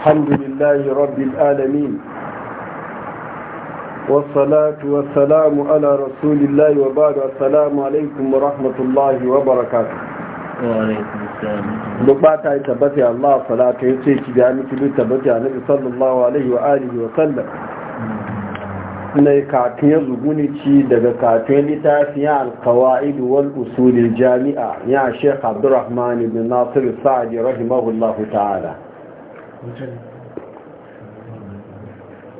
الحمد لله رب العالمين والصلاة والسلام على رسول الله وبعد السلام عليكم ورحمة الله وبركاته وعليكم السلام لقباتا يتبتي الله صلاة يتشيكي بعمك لتبتي النبي صلى الله عليه وآله وسلم na katon ya zuguni ci daga katon littafin alkawa'id wal usulil jami'a ya shekh abdurrahman ibn nasir sa'adi rahimahullahu ta'ala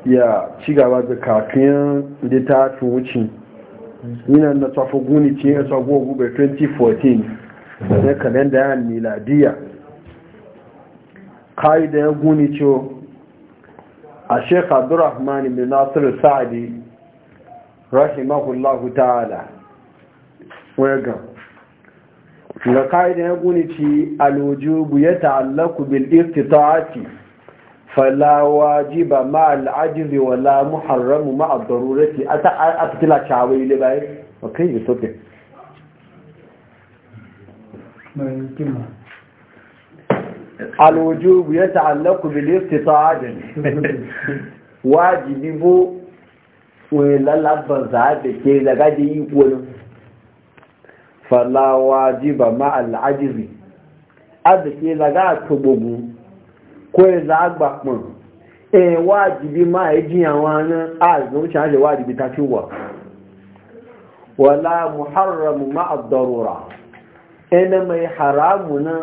ya ci gaba da kafin littafin wuce yinan na tafi guni ce ya tsago gube 2014 na kalenda ya miladiya kayi da ya guni ce a sheik abdurrahman bin nasir sa'adi rahimahullahu ta'ala wegan ga ka'ida ya guni ci alwujubu ya ta'allaku bil istita'ati fala wajiba ma al'ajizi wala muharramu ma ad-darurati ata atila chawai le bai okay it's okay alwujubu ya ta'allaku bil istita'ati wajibi bu wai lalaba za da ke daga yi wani fala wajiba ma al'ajizi adìsí laga àtògbògùn za gba agbàpọ̀n e wajibi ma ẹjí àwọn aná àìsàn ṣe wajibi ta ti wa. Wala muharram ma ad-darura Ina mai haramu na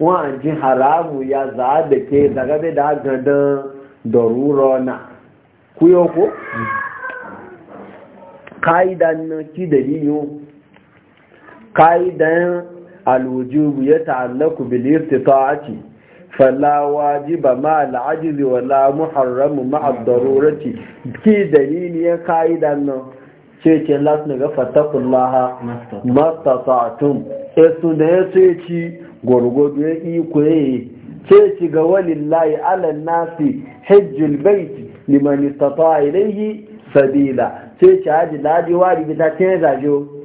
wọ́n jin haramu ya za ke daga bẹ́ da gandan dọ̀rọ̀rọ̀ na ko? Mm. ka'idan na kí dalilin Ka'idan alwujubu ya ta'allaku bil irtita'ati fala wajiba ma al ajzi wala muharram ma al darurati ki dalili ya ka'idan nan ce ce las ne ga fatakullaha mastata'tum esu da ya ce ci gurgudu ya yi kuye ce ci ga walillahi ala nasi hajjul bait liman istata'a ilayhi sabila ce ci haji ladi wari bi ta ce zajo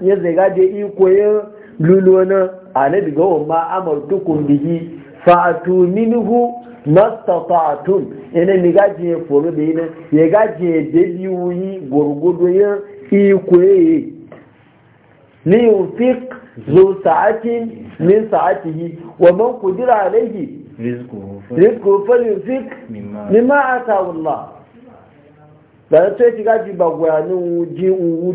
ya zaga da iko ya lulu na anabi ga wamma amartukum bihi fa'atu minhu mastata'tum ina ne gaji ya foro da yi nan. ya gaji ya dabi wuyi gurgudu ya iko ya ni yunfiq zu sa'atin min sa'atihi wa man qudira alayhi rizquhu falyunfiq mimma atahu Allah da ta ci gaji ba gwanin wuji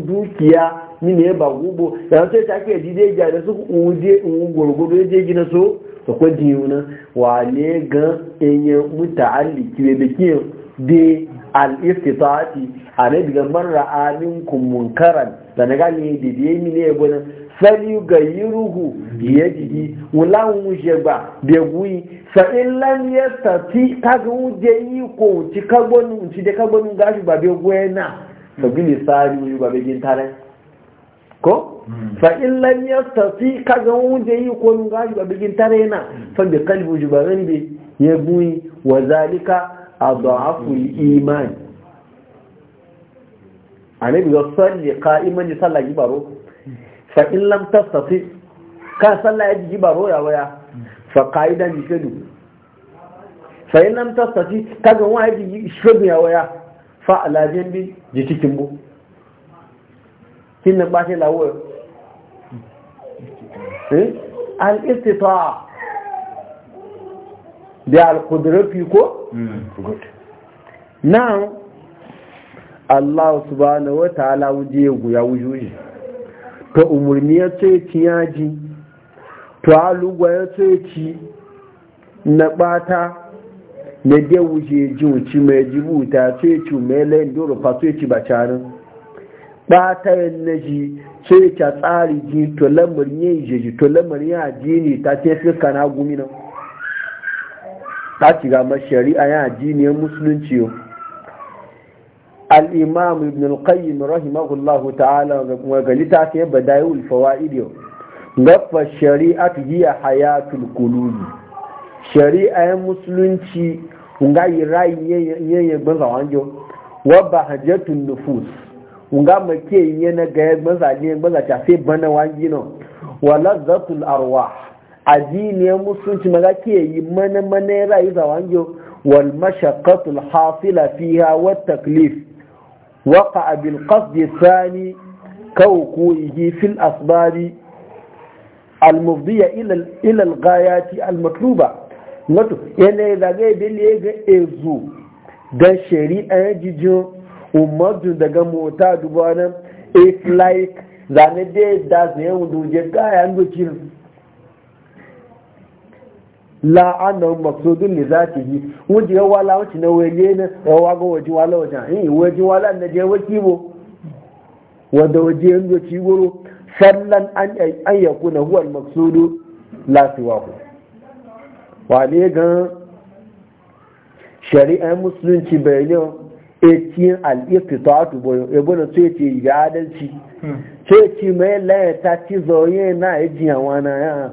dukiya mini ya ba gubo da sai ta ke jide ja da su uje gurgudu ya je gina so to ko diyuna wa ne ga enye muta'alliki be bikin de al-istitati ane diga marra aminkum munkaran da na gani didiye ne ya gona fali gayiruhu biyadihi wala wuje ba be guyi fa in lam yastati kaga wuje yi ko ci kagbonu ci de kagbonu gashi ba be guena fa bi lisani ba be gintare ko hmm. fa in lam yastati kaga wuje yi ko nun gaji ba bigin tare na hmm. fa bi qalbi jubaran bi ya buyi wa zalika al iman anabi bi salli qa'iman ya salla baro. fa in lam tastati ka salla ya baro ya waya hmm. fa qa'idan bi shadu fa in lam tastati kaga wani shadu ya waya fa ala jambi jitikin bu kí ni pàṣẹ ìlàwó ẹ̀ al'istita da al'kudurafi ko? good now Allah subhanahu wa ta'ala wuje guya wujuji to umarni ya ce ci yaji to alugwa ya ce ci na bata na dai wuje ji wuci mai jibuta ce ci mai layin doro fa ce ci ba canin batayen na ji sai ta tsari ji to lamarin ya yi ji to lamar yin ji ne ta ce fi kana gumi nan ta shiga ma shari'a yin ji ne musulunci yau al'imam ibn al-qayyim rahimahullah ta'ala wa gali ta ce yi ulfawa idiyo gafa yi a hayatul qulubi shari'a musulunci ngai rai yayin banza wanjo wa hajjatun nufus nga ke yi na ga maza ne maza ta sai bana wangi no wa ladzatul arwah adini musunci maga ke yi mana mana rayu za wangi wal mashaqqatul hasila fiha wa taklif waqa bil qasd thani yi fil asbari المفضية إلى إلى الغايات المطلوبة نتو يعني إذا ga بيلي إيجا إيزو ده شريعة umarjun daga mota dubanan it's like zane dai da su yawon duje kayan dokin la'anar maksudin ne za ta yi wuji wajen wala lawanci na wele na yawa ga waje wala wajen yi waje wala na je waki bo wadda waje yan doki wuro sallan an yaku na huwar maksudu lafiwa ku wale gan shari'ar musulunci bayanin cikin al'iftitatu boyo ebona so yace ga adalci ce ci mai layata ci zoye na yaji wana ya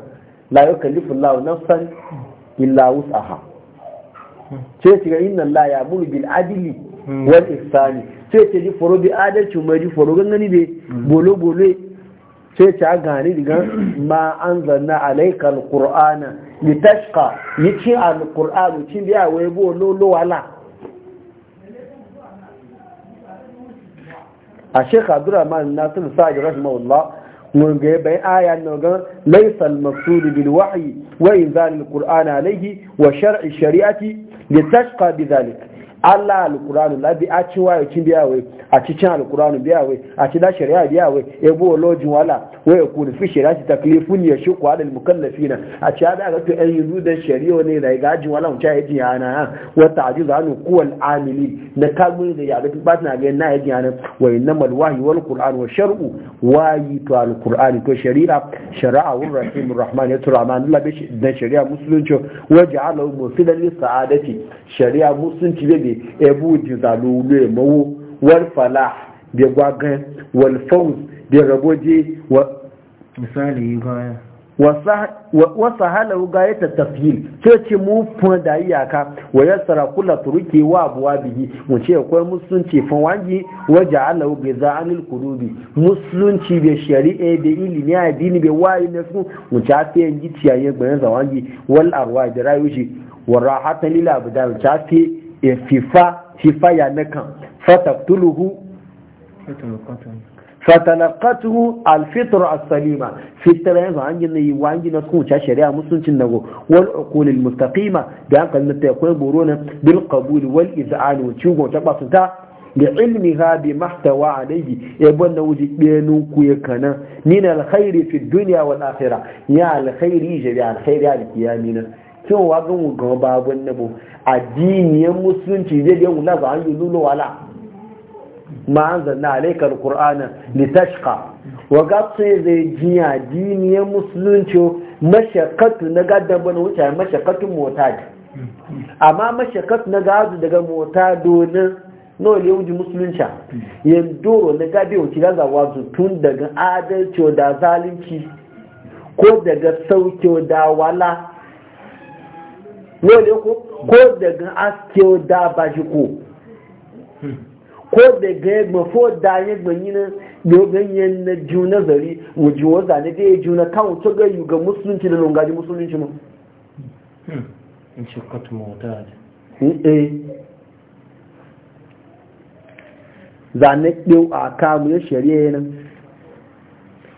la na san nafsan illa wus'aha ce ci ga inna Allah ya'muru bil adili wal ihsani ce ci li foro bi adalci mai ji foro gangani be bolo bolo ce ci gani ni diga ma anzalna alayka alqur'ana litashqa yace alqur'anu cin biya wai bo lo wala a shekha abdurrahman nasiru sa'ad rahimahullah mun ga bai aya na ga laysa al-maqsud bil wahyi wa inzal al-qur'an alayhi wa shar'i shari'ati litashqa bidhalik Allah alkuranu labi a ci wayo cin biya we a ci cin alkuranu biya we a ci da shari'a biya we e bo lojin wala we ku ni fi shari'a taklifun ya shi ku dal mukallafina a ci da ga to en yuzu da shari'a ne da ga ji wala mutaya yaji yana wa ta'jiz anu kuwal amili da kalmun da ya ga ba na ga na yaji yana wa innamal wahyi wal qur'an wa shar'u wayi to alkurani to shari'a shari'a ur rahim rahman ya turama Allah da shari'a musulunci wa ja'alahu musilan li sa'adati shari'a musulunci bai alkhairi ebu jizalu le mawu wal falah bi gwagan wal fawz bi raboji wa misali gaya wasa halau ga yata tafhil ce ce mu fun da iyaka wa yassara kula turuki wa abuwa bihi mu ce akwai musulunci fan wangi wa ja'ala bi za'anil qulubi musulunci bi shari'a ilmi ilimi dini bi wayi na su mu ta fi yangi ciyaye gbanin zawangi wal arwa da rayuji wa rahatan lil abdal ta fi ya fifa fifa ya nakan fataktuluhu fatalaqatuhu alfitr as-salima fitra yanzu an gina yi wa an ta shari'a musuncin nago wal uqul al-mustaqima da an kallon ta akwai borona bil qabul wal iz'al wa chugo ta basunta da ilmi ha bi mahtawa alayhi ya banda wuji benun ku ya kana ni na alkhairi fi dunya wal akhirah ya alkhairi khairi jabi alkhairi al tí wọ́n wá wugan babun gan bá musulunci zai da wula ba an yi lulu wala ma an zanna alaikar qur'ana litashqa wa ga sai zai ji addiniyar musulunci mashakatu na gadan bana wuce mashakatu yẹ amma na gadu daga motado na nawa ne musulunci yanzu na gabe tun daga adalci da zalunci ko daga sauke da wala wani ko ko daga aske da ba shi ko ko daga yagba fo da yagba yi na yogan yan na ju nazari wuji wanda ne dai ju na kan wuce ga yi ga musulunci da lungaji musulunci mu hmm. in ce kwatu mota da eh zane ɗin a kamun ya shari'a yanan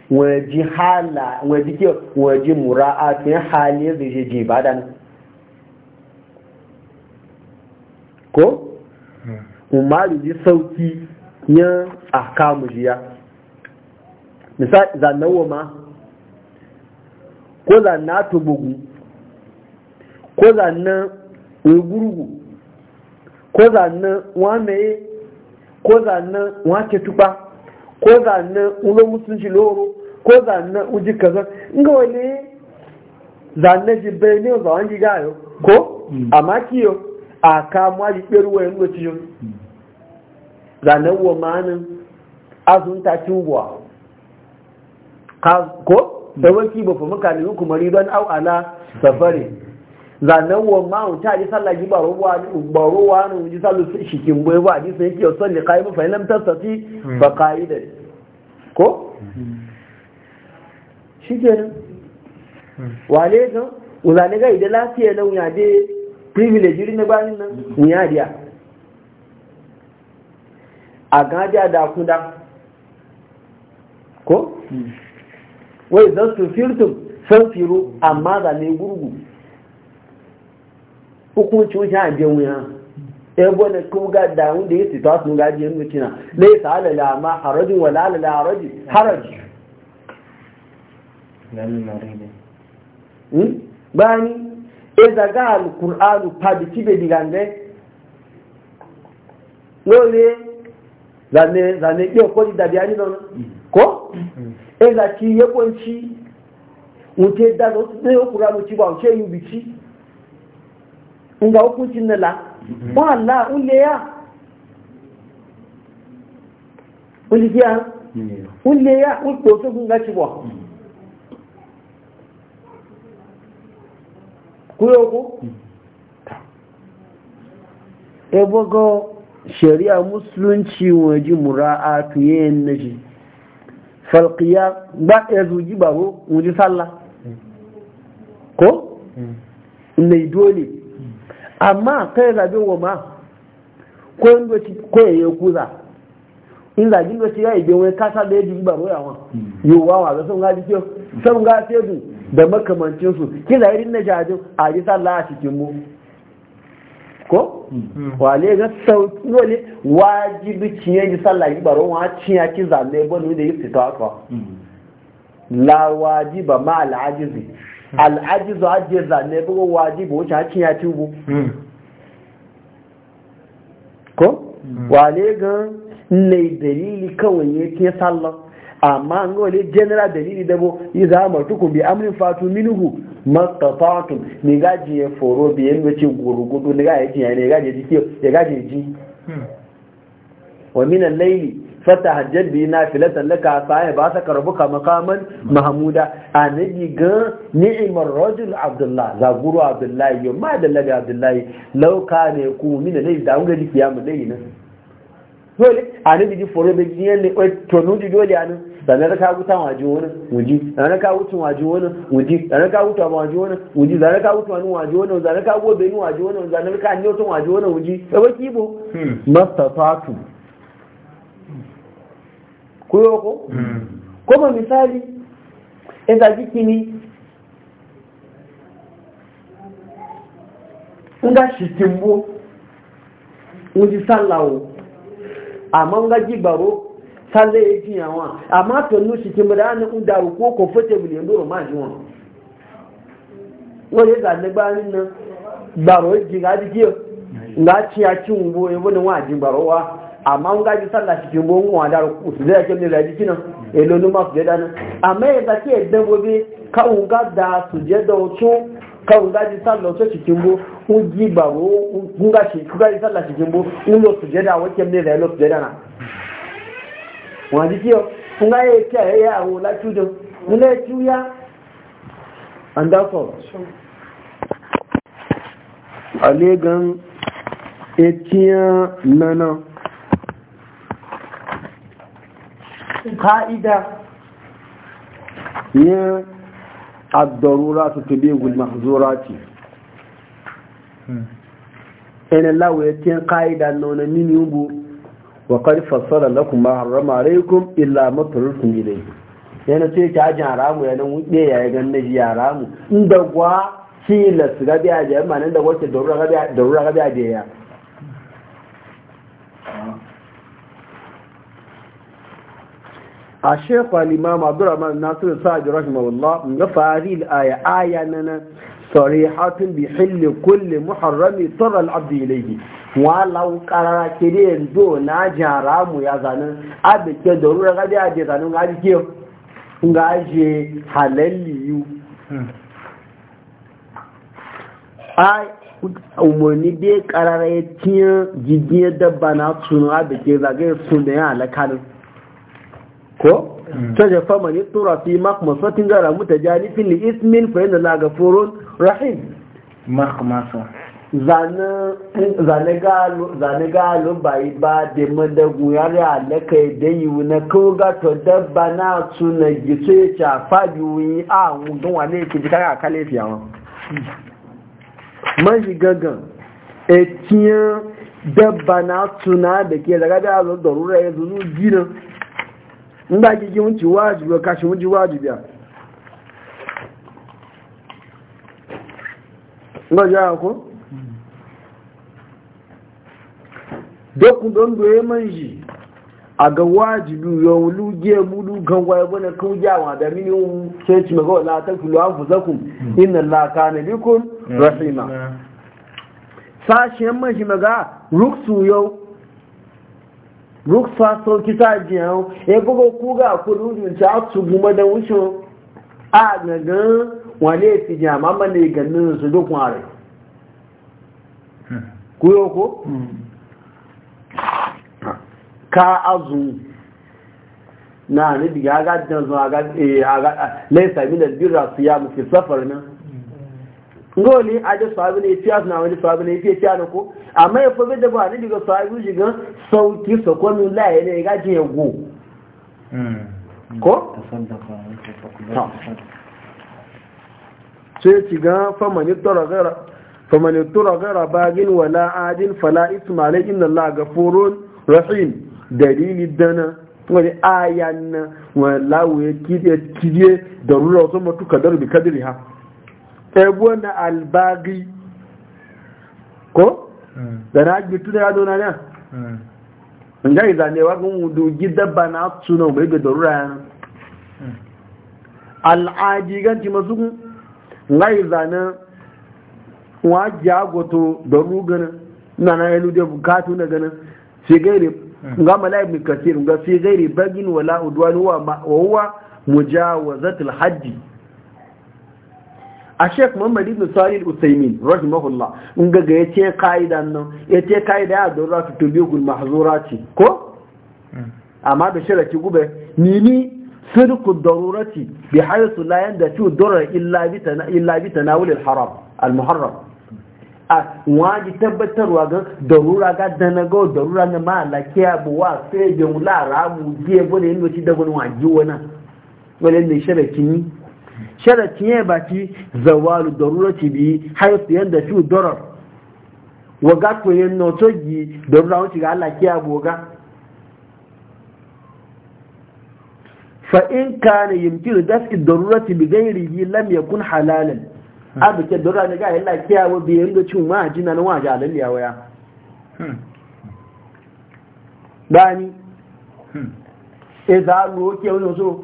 waje hala waje ke waje mura'a tun hali ya zai je ba da nan ko hmm. umaru ji sauki yin akamu jiya misali zannawa ma ko zanna tubugu ko zanna ugurugu ko zanna wamaye ko zanna wace tuba ko zanna ulo mutunci loro ko zanna uji kaza nga wale zanna jibbe ne za wangi gayo ko hmm. amma kiyo a kamuwa ji ɓeruwa yin da cikin zanenwa ma'anin azun takin buwa ko da wanki ba kuma kalibin kuma don au ala safari zanenwa ma'anin ta ji sallah ji ba ruwa ne ba ruwa ne wuji sallu shikin bai ba ji sai kiyar salli kayi mafa ilam tattati hmm. ba kayi da ko shi kenan hmm. wale kan uzane ga idan lafiya lauya dai privilege irin na bayan nan mu ya diya a gajiya da kuda ko wai zan su firtum san firu amma za ne gurgu hukuncin wuce a biyan wuya ebo na kuga da wanda ya sita sun gaji yin mutina laisa alala ma harajin wala alala haraji haraji hmm? bani ezaga alukur'anu padi kibe digange lole zane zane iyo kodi dabi ani non ko eza ki yebo nchi ute dazo ne okur'anu ti ba uche yubi ti nga okunchi nela wala ule ya ule ya ya ya kuyoko ebogo shari'a musulunci waje mura'atu yayin naji falqiya ba ya zuji baro wuji sallah ko na dole amma kai zabe wa ma ko ndo ci ko yayi kuza in zagin do ci yayi be wai kasa da yaji baro yawa yowa wa ga hmm. sun ga dikiyo sun ga sedu da makamancinsu kila irin na jajin a ji sallah a cikin mu ko mm-hmm. wale ga sauki wale wajibi ciye ji sallah yi baro wa ciya ki zanne ne da yi fito aka mm-hmm. la wajiba ma al'ajizi mm-hmm. al'ajizu ajiye zanne ba wajibi wuce a ciya ci bu ko wale ga ne dalili kawai ya ke sallah amma an ga wani general dalili da bo yi za a martukun bi amrin fatu minuhu fatun. ne gaji ya foro bi yin wace gurugudu ne gaji ya ne gaji ji ya gaji ji hmm. wa minan laili fata hajjar bi na filatan laka sa'ai ba sa karbuka makaman mahamuda a nabi ga ni'imar rajul abdullahi zaguru abdullahi yau ma da labi abdullahi lauka ne ku minan laili da an gaji mu laili nan dole a nabi ji foro bi yin ne tonudi dole a nan zanar ka wuta waje wani wuji zanar ka wuta waje wani wuji zanar ka wuta waje wani wuji zanar ka wuta wani waje wani zanar ka gobe ni waje wani zanar ka anyota waje wani wuji da baki bo hmm. mastatatu ku yo ko hmm. kuma misali idan jiki ni nga shitimbo wuji sallawo amma nga jibaro sálẹ̀ èjì àwọn àmá pẹ̀lú ṣìkìmọ̀dá ní ń darú kó kò fọ́tẹ̀bù lè lóòrùn máa jí wọn wọ́n lè gbà nígbà nínú gbàrọ̀ èjì láti kí tí a kí ń wo ewé ni wọ́n àjí gbàrọ̀ wa amma ń gájú sálà ṣìkìmọ̀ ń wọ́n darú kò sì lẹ́yìn kẹ́mi rẹ̀ jíjìnà èlò ló má fìdé dáná àmá káwọn da tún káwọn sálà ń jí gbàrọ̀ ń sálà ń lọ wọ́n ti kí ọ fún ya yi a àwọn olájúdọ nílé tí ó yá and that's all alegan etiyan nana ka'ida yin addarura su ta tobe gulmahzura ce hmm. ẹni láwọ̀ etiyan ka'ida nana nínú ugbo wa qad na kuma harama harrama alaykum illa ma turtum ilayhi yana ce ki ajin haramu ya nan wuɗe ya yi ganin ji haramu inda gwa tilas ga biya da yamma nan da wacce da ga gabi a jiya a shekwa limama abdurrahman nasiru sa'adu rahimahullah ga fari aya aya nan sarihatun bi hilli kulli muharrami sarra al-abd ilayhi wa na jara ya zanin abike da rura gadi a je zanin gadi ke nga je halalli yu ai umarni dai ya tiya jijiyar dabba na suna abike zagaye sun da ya halakanin ko ta jafa mani tura fi makmasatin gara muta janifin li ismin fa yana na gafurun rahim makmasa zane galo bai ba da madagu ya alaka da yi wuna koga gato dabba na tuna gito ya cafa biyu a wudun wane ke jika a kalefi yawon man shi gangan ekiyan dabba na tuna da ke daga da zo da rura ya zuzu jinan in ba gigi wunci wajibi ba kashi wunci wajibi e ya ba ja ko dokun don doye manji a ga wajibi yawon luge mudu kan kwaye bane kan jawa da mini un um, sai ci magawa la ta kulu an fuzakun hmm. inna la kana bikum hmm. rahima hmm. sashen manji maga ruksu yau rukfa sauki kisa jiyan ya e buga kuga ko rudin ta su guma da wucin a gagan wane fi jama mana yi ganin su duk ware hmm. kuyo ko hmm. ka azu na ni diga ga dan zo a eh ga laisa min albirra safar nan ngoli aje sabu ne fiya na wani sabu ne fiye fiya ko amma ya fobe da ba ne diga sabu jiga sauki so ko mun la ne ga je go hmm. ko sai ci ga fa man yattara gara fa man yattara gara bagin wala adin fala isma la inna allaha ghafurun rahim dalili dana wani ayan wala we kide kide da rura wasu matuka darbi kadiri ha ebuwa da albagi ko? Hmm. da na hmm. gitu da yado na ne hmm. nga izanewa gun wudu gidaba na tunan bai ga darura nan. al'aji ganci masu nga izane wa jagoto da rugar na na yalu da bukatu na ganin sai gairi nga mala ibn kasir nga sai gairi bagin wala udwan wa huwa mujawazatul hajji a sheik Muhammadu ibn salil usaimin rahimahullah in gaga ya ce ka'ida nan ya ce ka'ida ya dora su tobi gul mahazura ce ko amma da shiraki gube nini sirku darurati bi haythu la yandatu darar illa illa bi na wulil haram al muharram a waji tabbatarwa ga darura ga danago darura na ma lakiya buwa sai jin la ramu je bane yin ci da wani na wani wani ne shiraki sharatin ya baki zawalu darurati bi haythu yanda fi darar wa ga ko yen no togi darura wuce ga Allah kiya boga fa in kana yumkinu daf'i darurati bi ghairihi lam yakun halalan abu ke darura ne ga Allah kiya wo bi yanda cin ma jina na waje alaliya waya bani idza ruke wani so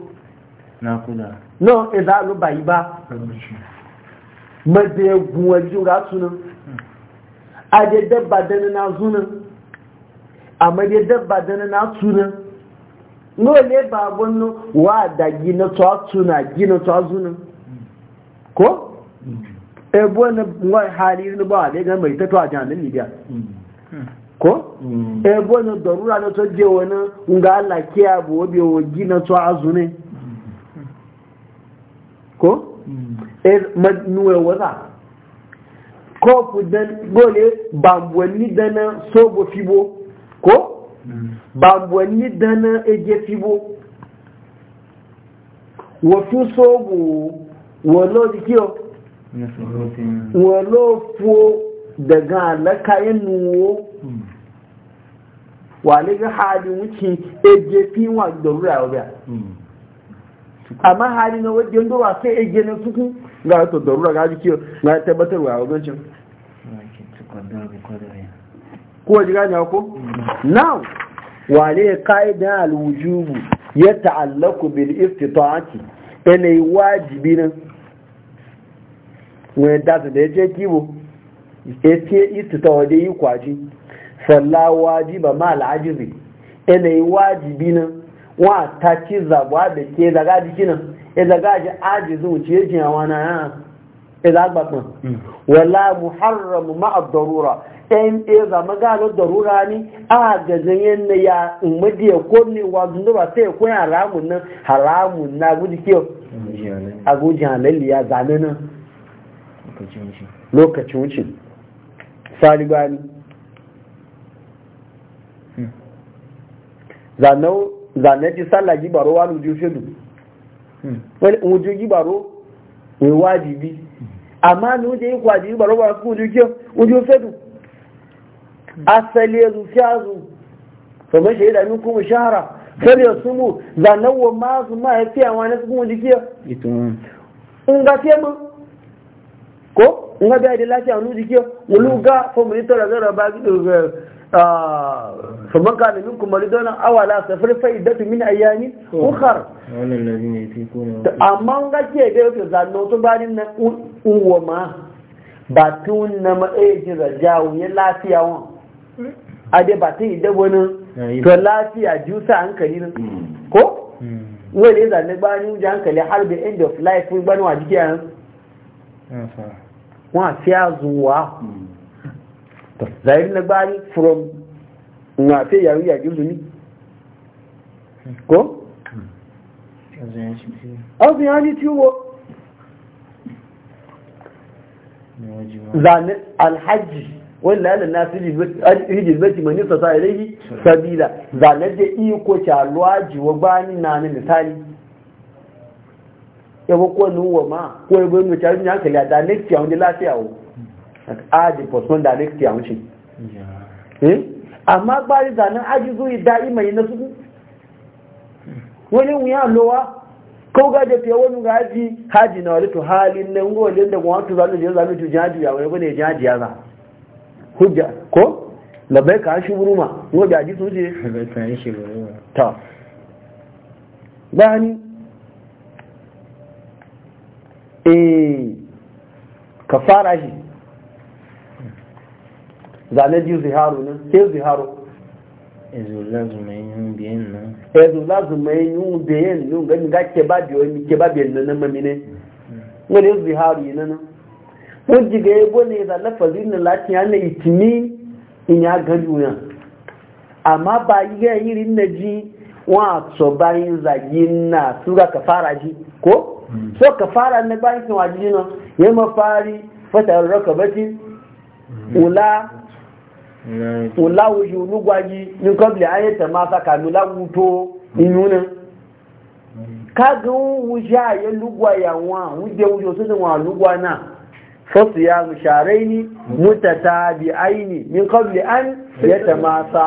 náà ẹ̀dá ló bàyí bá mẹ́dẹ̀ ẹgùn ẹjú rá túnú adẹ́dẹ́bà na zúnú àmẹ́dẹ́dẹ́bà dẹni na túnú náà lè bá agbónú wà na tọ́ túnú àjí na nwa zúnú kó na wọ́n hàrí ní bọ́ àdẹ́gẹ́ mẹ́rin tẹ́tọ́ àjá àdẹ́lìdíà ko na na to wani nga Allah ke abu wabe waji na to ko mm. er madnuwe waza kofu dan gole bambuwanni dana sobo fibo ko mm. bambuwanni dana ege fibo wasu sobo wano jikiyo wano fuo daga alaka ya mm. nuwo wà ní ká hàá ni wọ́n ti ege fi wọn àgbọ̀rú rà ọ̀bẹ̀ amma hali na wajen yanzu ba sai ege na suku ga wato darura ga ji kiyo na tabbatarwa a wajen ko ji gane ko now wale kaidan alwujubu ya ta'allaku bil istita'ati ene wajibi nan wani dasa da ya ce kibo ya ce istita'a da yi kwaji falla wajiba ma al'ajizi ene wajibi nan wa ta ci zabuwa da ke zaga jikinan ya e zaga ji aji zuciye jiyawa e mm. e na yana ya zagbatan wala muharram ma'ab darura ɗayan ɗaya zama gano darura ne a gazin yadda ya umadi ya kone wa ba sai ya koya haramun nan haramun na guji kiyo a guji halalli ya zane nan lokacin wuce salibani mm. zanau zane ti sallah gibaro wa nuju fedu hmm. wani nuju gibaro ne wajibi Ama ni wuje yi kwaji gibaro ba su nuju ke nuju fedu asali ya zufi azu kamar shaida min kuma shahara sai ya sumu zanen wa masu ma ya e fiya wani su kuma jikiya in ga fiye mu ko nga in ga biya da lafiya wani jikiya wani ga fomitor da zara ba فمن قال منكم مريضون او على سفر فائدة من ايام اخر amma ga ke da yake zanno to barin na uwa ma batun na ma'aji rajawo ya lafiya won a dai batun ida wani lafiya jusa hankali ko wani ya zanne bayan ji hankali har end of life wani wa jikiya nan wa fiya zuwa zahiri na gbani from na fe yaru ya gizu ni ko? ọzọ ya ni tiwo zanen alhaji wanda yana nasu hijir bai mani sata ilaihi sabila zanen da iko caluwaji wa gbani na ni misali yabo ko nuwa ma ko yabo nuwa caluwaji hankali a zanen ciyawan da lafiya wa. aji postman da lekti a wuce amma gbari zanen aji zo da'i mai na suku wani wuya lowa kau ga da fiye wani ga haji haji na wani to halin nan wani da wato zanen jiya zanen to jaji ya wani bane jaji ya za hujja ko labai ka shi buruma ngo da ji suje labai ka shi buruma ta bani eh fara shi zane ji ziharu nan ke ziharu ezu lazumai yun biyan yun gani ga ke ba biyo ni ke ba biyan nan mami ne wani ziharu yi nan kun ji ga yabo ne da lafazi na latiya na itimi in ya gani wuya amma ba yi ga irin na ji wa so bayan zagi na tura ka fara ji ko hmm. so ka fara na bayan kan waji nan ya mafari fatar rakabatin hmm. ula ọláwùjú olúgbàjí ní kọ́bìlì ayẹ́tẹ̀ máa sàkàlù láwùtó inú náà kágun wùjá ayé lúgbà yàwọn àwọn jẹ́ wùjọ sínú wọn ya mùsàárẹ́ ní mútàtà bí ayini an yẹ́tẹ̀ máa sa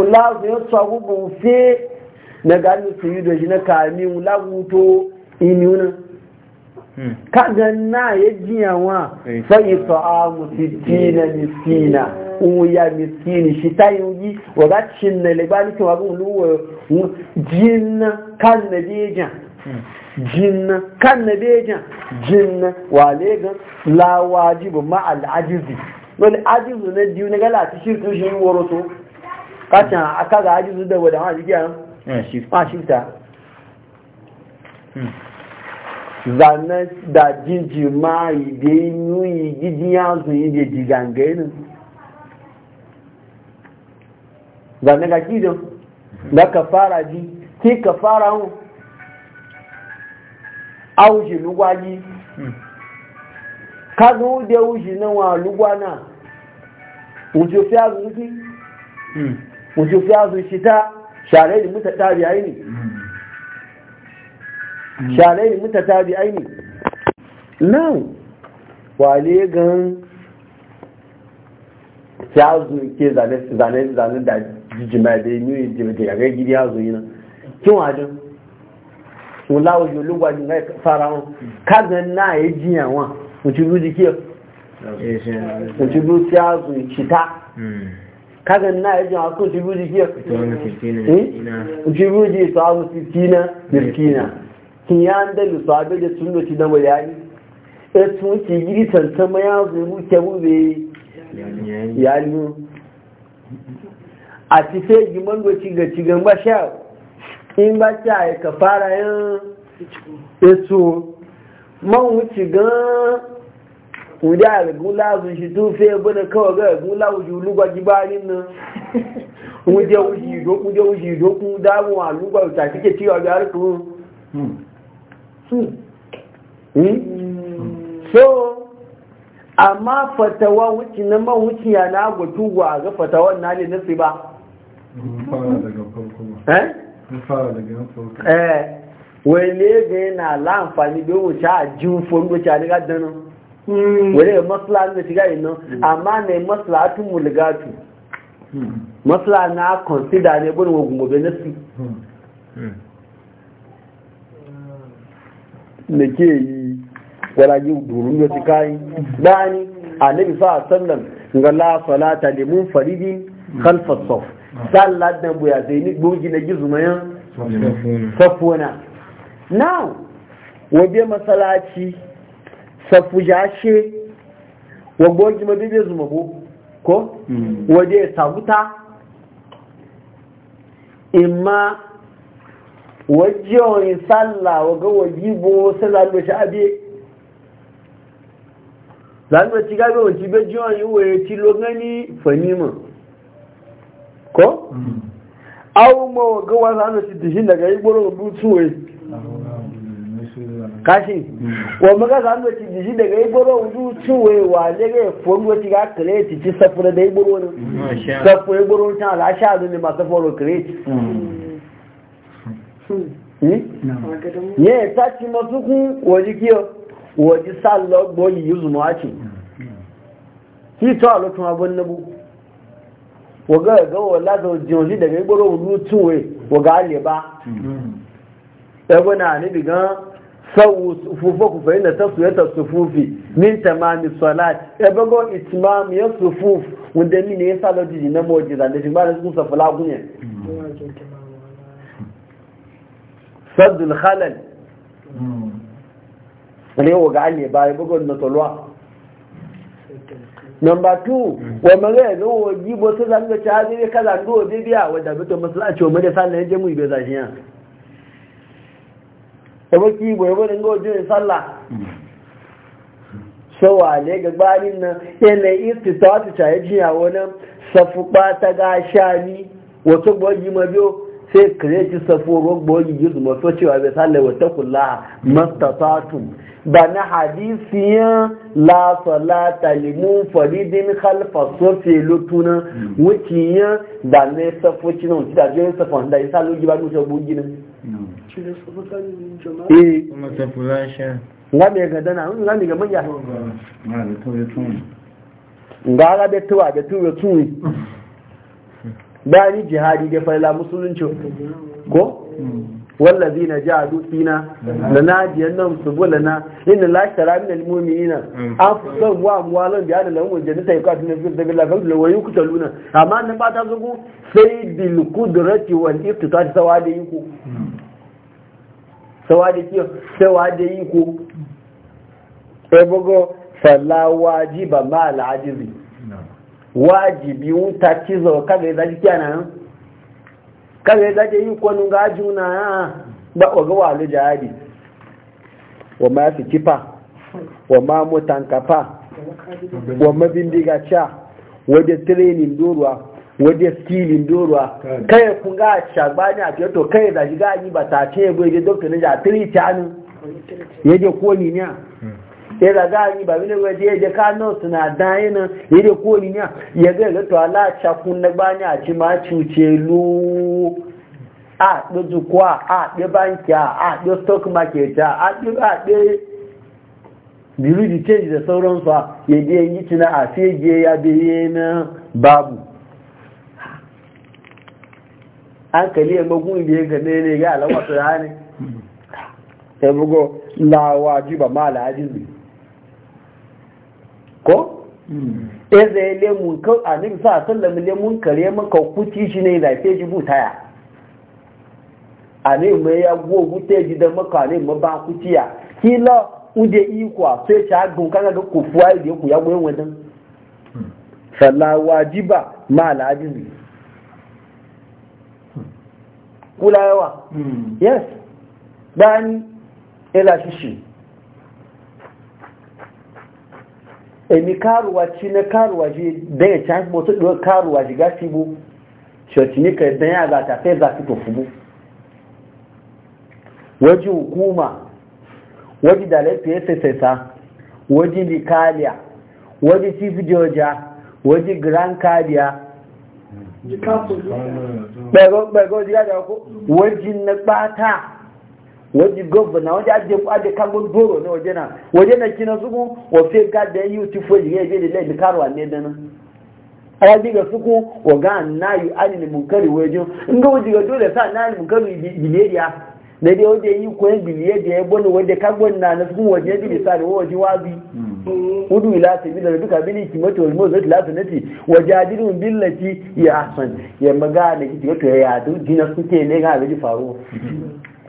ọláwùjú yóò sọ gbogbo fẹ́ na gánú sí yìí dòjì na kami ọláwùtó inú Hmm. kaga na ya jiya wa eh. sai ta'amu sittina miskina uya miskini shi ta yi wa ga cin na libani to ga uluwa jinna kan na beja hmm. jinna kan na beja jinna wale ga la wajibu ma al ajizi wal ajizu na diu na gala ta shirku shi woro to kacha aka ga ajizu da wadan hajiya ma eh, shifta Zanen da jiji ma ibe yi gidi ya su yi da jigangayin zane ga kidin da ka fara ji ki ka fara hun auji lugwaji kaga wude wuji na wa lugwana wuce fiya zuki hmm. wuce fiya zuci ta share da mutu tari yayi ne shalai muta tabi aini nan wale gan ya zo ke zane zane da jijima da yi nuyi jima da yaga gidi ya zo yi nan kin wajen wula wajen lugwa jin gai fara wọn kagan na ya jiya wọn mutu bu jiki mutu bu ya zo cita kagan na ya jiya wọn mutu bu jiki mutu bu ji samu fitina birkina tiyan da lissabe da sun da na bayani e sun ki giri tantama ya zuru ke mu be yalu a ti sai gi mango ci ga ci gan basha in ba ta ya e ka fara yin eto man wuci gan wuda ga gula sun shi tun fe bana kawai ga gula wuji lugwa gibarin nan wuje wuji dokun je wuji dokun damuwa lugwa ta kike ciwa ga ku. Hmm. Hmm? Hmm? so amma fatawa wuce na man wuce ya na gwatu wa ga fatawa na ne nufi ba eh? eh wai ne ga yana ala amfani don wuce a jin fondo ci a ni gaddanin hmm. wani ga masala da shiga ino amma na yi masala tun mulgatu masala na consider ne bin wa gumobe nasi da ke yi yi durun da su kayi dani annabi sa sallam ga la salata li munfaridin khalf as-saf sallat da buya sai ni gogi na ya safuna now wabe masalaci safu jashe wa gogi ma bibe zuma ko ko hmm. waje sabuta imma wajen sallah waga wajibo sallah da shi abe zanuwa ci gabe wajen jibe jiwon yi waye ci logani fahimu, ko? Mm. au ma waga wa zanuwa ci dishin daga yi gboro rubutu waye mm. kashi mm. wa maga zanuwa ci dishin daga yi gboro rubutu waye wa lega ya fongo ci ga kireti ci safura da yi gboro ne safura yi gboro ta alasha ne masu foro kireti Hmm? yẹ́ ta ti mọ́ súnkún wọ́jí kí ọ wọ́jí sá Ki to zùmọ́ ákì kí tọ́ àlọ́tún agbọ́n náà wọ́gá ẹ̀gọ́wọ̀ látọ̀ jẹun sí dẹ̀gẹ́ gbọ́rọ̀ olú tún wẹ̀ wọ́gá lè bá ẹgbẹ́ náà níbi gan sọ́wọ́ fúfọ́kù fẹ́ ilẹ̀ tọ́sù yẹ́tọ̀ sùfúfì ní tẹ̀má ní sọ́láàtì ẹgbẹ́gọ́ ni mìíràn sùfúfù ń dẹ́mí ní sálọ́dì jìnnà mọ́ jìnnà lẹ́sìn bá lẹ́sìn sọ̀fọ́lá saddul halal ne hmm. wa ga ne bayan bugun na tolwa number two wa maga ya zo su zanga ne kaza wa bito wa yabo sallah ne nan istitatu ta yi jiya ta ga shani wasu gwaji mabiyo sai kireci safo rogbo yi su mafi cewa bai sallai wata kula mastatatun ba na hadisiyan la salata limun faridin khalfa sofe lotuna hmm. wuciyan da na safo cina wuci da jiyoyin safon da isa logi ba nuce bugi nan eh. nga mai gada na nga mai gaban ya nga ga betuwa betuwa bayani jihadi da faila musulunci ko wallazi na ji a dutsina da na jiyan nan su bula na inda lashara min almomini na an fi son wa muwalan da yana lamun jani ta yi kwa na fiye da bila kan da wayu kusa luna amma nan ba ta zugu sai bil kudrati wal iftita ta sawa da yiko mm. sawa da kiyo sawa da ku? sai bugo fala wajiba ma al wajibi wuta cizo kaga zaji kyana kaga zaji yi kwanu ga juna ba oga walu jihadi wa ma fi kifa wa ma kafa wa ma bindiga cha waje training doruwa waje skillin doruwa kai kun ga shagbani a to kai zaji ga yi ba ta ce bai je doctor ne ja tri chanu yaje ko ni ne e zaga ni ba wani waje ya je kano suna ya ga na bani a ci ma cuce lu a ɗi zukuwa a ɗi banki a a ɗi stock market a a ɗi a ɗi change da sauransu ya je yi cina a fege ya biye na babu ya magun ko hmm. ɗaya zai lemun kan a nufi sa sallama lemun kare maka kuci shi ne zafe ji butaya a ne mai ya gogu ta ji da maka ne ma ba kuciya kila ude ikwa sai ci kan kana ga kufuwa da ku ya goyon wajen hmm. sallah wajiba ma al'ajizi hmm. kula yawa yes bani ila shi shi emi karuwa ci na karuwa ji dan ya change bo to do karuwa ji gasi bu ni dan ya za ta za fito fubu waji hukuma waji dalilta ya sa waji likaliya waji chief georgia waji grand cardia gbẹ̀gbẹ̀gbẹ̀ waji na pata waje gwamna waje aje aje doro ne na waje na kina suku wafe gada yi uti foji ya je da laifi karuwa ne da nan aya diga suku waga na yi alil munkari waje in waje ga dole sa na alil munkari biliyariya na dai waje yi koyi biliyariya ya bani waje kangon na na suku waje bi da sari waje wabi hudu mm. ila sabi da duka bini kimato wal mawzat la sunati wajadilun billati ya ahsan ya magana kiti wato ya yadu dina suke ne ga abin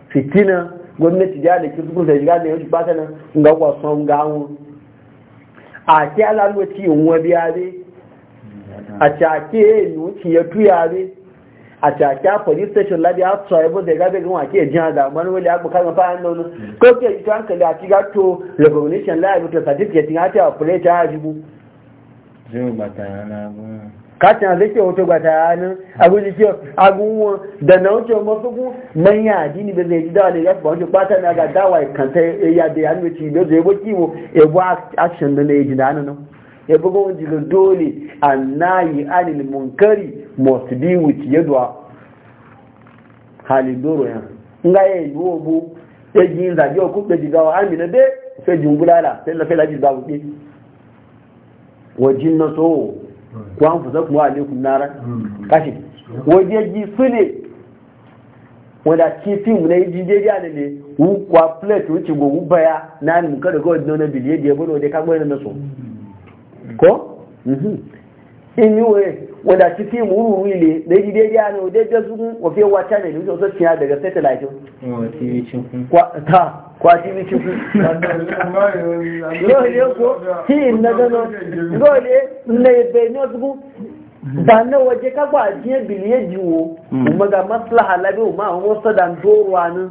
fitina gwamnati ja da kirkun da shiga da yawanci ba ga kwason gawon a ke alalu ci yin wabi yare a cake yin wuci ya tu yare a cake a police station labi a tsaye da gabe gan wake jin da mani wali kan nono ko ke hankali a tiga to labi to certificate ya ta zai yana kati na zai ce wato ba ta yanin abin da abubuwan da na wuce masu ku manya addini ba zai ji dawa da yasu ba wajen kwata na ga dawa e kanta e ya da ya nuci da zai bo kiwo ya bo action da na yi jina nan ya bugo wani jigar dole an na yi anil munkari must be with yadwa halin doro yan nga ya yi wo bu ya ji yin zage wa kuka jigawa an mina be sai jungulala sai lafi lafi zabuɗe wajen na so ku an fusa kuma alaikum nara kashi wajeji su ne wadda kifin na yi jijeriya ne ne wukwa plate wuce gogu baya na ni muka daga wadda na biliye da ya bude wadda ka gwada na so ko? in yi wuri. wanda ci wuri-wuri wile da yi dai ya ne dai da sun wafe wa channel ne so tiya daga satellite kwa ta kwa tv ci ku yo ko ti na da no go le ne be no su ba na waje ka ba je biliye jiwo hmm. kuma ga maslaha labe ma mu sadan dorwa ne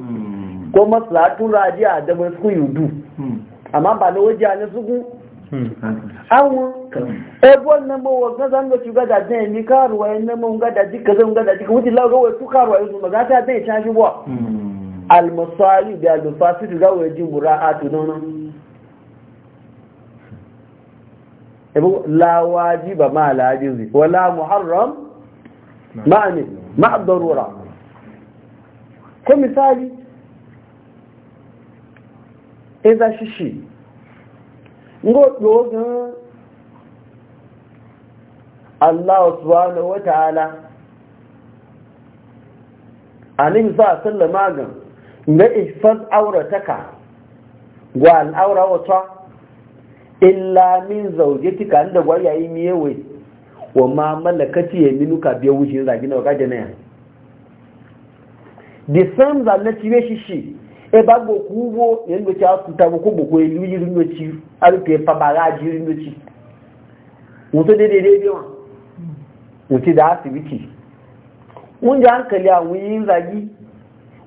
ko maslaha tun radiya da ba su yudu hmm. amma ba na waje ne su awon ebon na mo wagan zan ga shuga da zai mi karuwa yin na mo ga da jika zan ga da jika wuce lawa wai su karuwa yin su maza ta zai al wa hmm. almasali da alfasidu ga wai jin mura'atu nono ebo la wajiba ma la ajizi wala muharram ma'ani ma'a darura ko misali in za shi ngo gan Allah subhanahu wataala anin sa sallama gan na ifan aurataka wa al'aura wata illa min zaujatika inda gwayayi miyewe wa ma malakati ya minuka biya wuce zagi na wakaje na ya the same zalna shi shi e ba gboku ugbo ya ndochi asụta gbokwu gbokwu elu yiri ndochi arụpe pabara aji yiri ndochi wuto daidai daidai wa wuce da asibiti mun ji hankali a wuyi zagi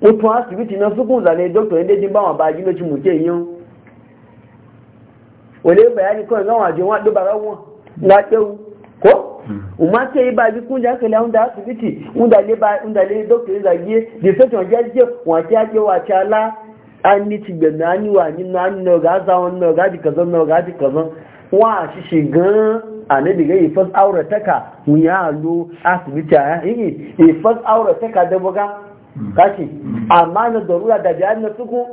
wato asibiti na sukun zane doktor yadda jin bawa ba ji ndochi muke yin wale bayani kawai zama jin wa dubara wọn na ɗau ko umma ce ba bi kun ja kala unda asibiti unda le ba unda le doctor da giye the second jaje wa a ke wa ta la an ni ti gbena ni wa ni na ni no ga za on no ga di kazan no ga di kazan wa shi shi gan annabi ga ifas aurataka mu ya lo asibiti ya yi yi ifas aurataka da buga kashi amma na darura da bayan na suku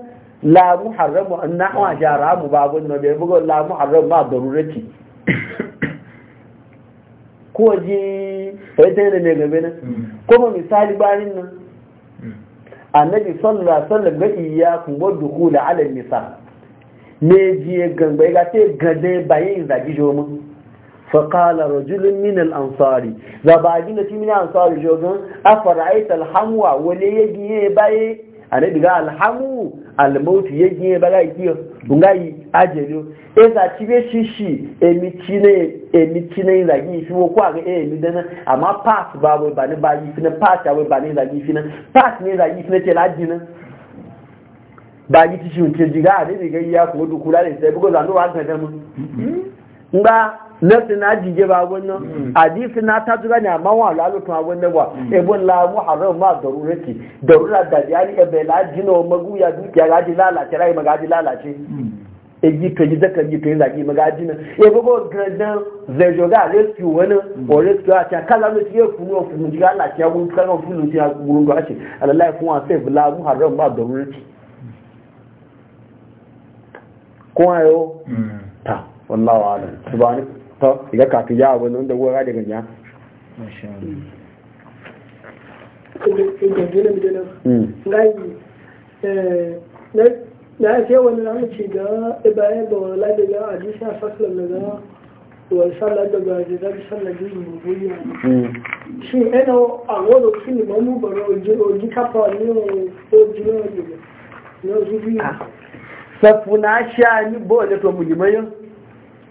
la muharramu annahu ajaramu babun no be bugo la muharram ba darurati ko ji fahimtar da mai gabe nan mm. kuma misali bayanin nan mm. annabi sallallahu alaihi wasallam ga iyyakum wadkhul ala misal. me ji gangba ga te gade bayin zagi jo mun fa qala rajulun min al ansari zabagi na min al ansari jo gan afara'aita al hamwa wale yaji baye anabi ga alhamu almautu yegin e baga ikiyo ngai ajelo eza tibe shishi emitine emitine zagi fi wo kwa ga e emi dana ama pass ba bo ba ne ba yi fi na pass ya bo ba ne zagi fi na pass ne zagi fi na tela dina ba yi ti shi unte diga anabi ga ya ko du kula ne sai bugo zanu wa ga ngba nasi na jige ba wannan hadisi na ta tura ne amma wa lalutun a wannan ba ebon la mu haram ma darura ce darura da yani e bela jina wa ya dukiya gaji lalace rai magaji lalace e ji to ji zaka ji to zaki magaji na e bugo gradan zai joga rescue wani o rescue a ta kala mu tiye funu o funu ji lalace ya mun kan funu ti a gurun ga ce Allah fun a sai la mu ma darura ce ko ayo hmm. ta wallahu alam ni ta ga ka ya wani wanda gora daga ya masha Allah na ce wani na mace ga bayan da wani labi ga ajiyar fasalar da ga a sallar da ga zai sallar da yin bubuya shi yana a wani su ne mamu bari oji kafa ne oji ne oji na oji ne safuna sha ni bo ne to mu yi mayan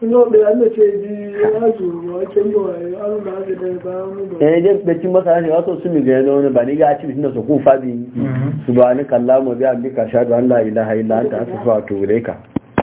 ẹnẹ́jẹ́ pẹ̀tí mọ́sára ni wátò súnmì gẹ̀ẹ́ lọ́wọ́ bà nígbà su ìsinà sọ̀kún fábí mhm. ṣùgbọ́n ní kàlámọ̀ bí àgbíkà ṣáàdù an láìláha ilá àtàkùfà àtòrẹ́kà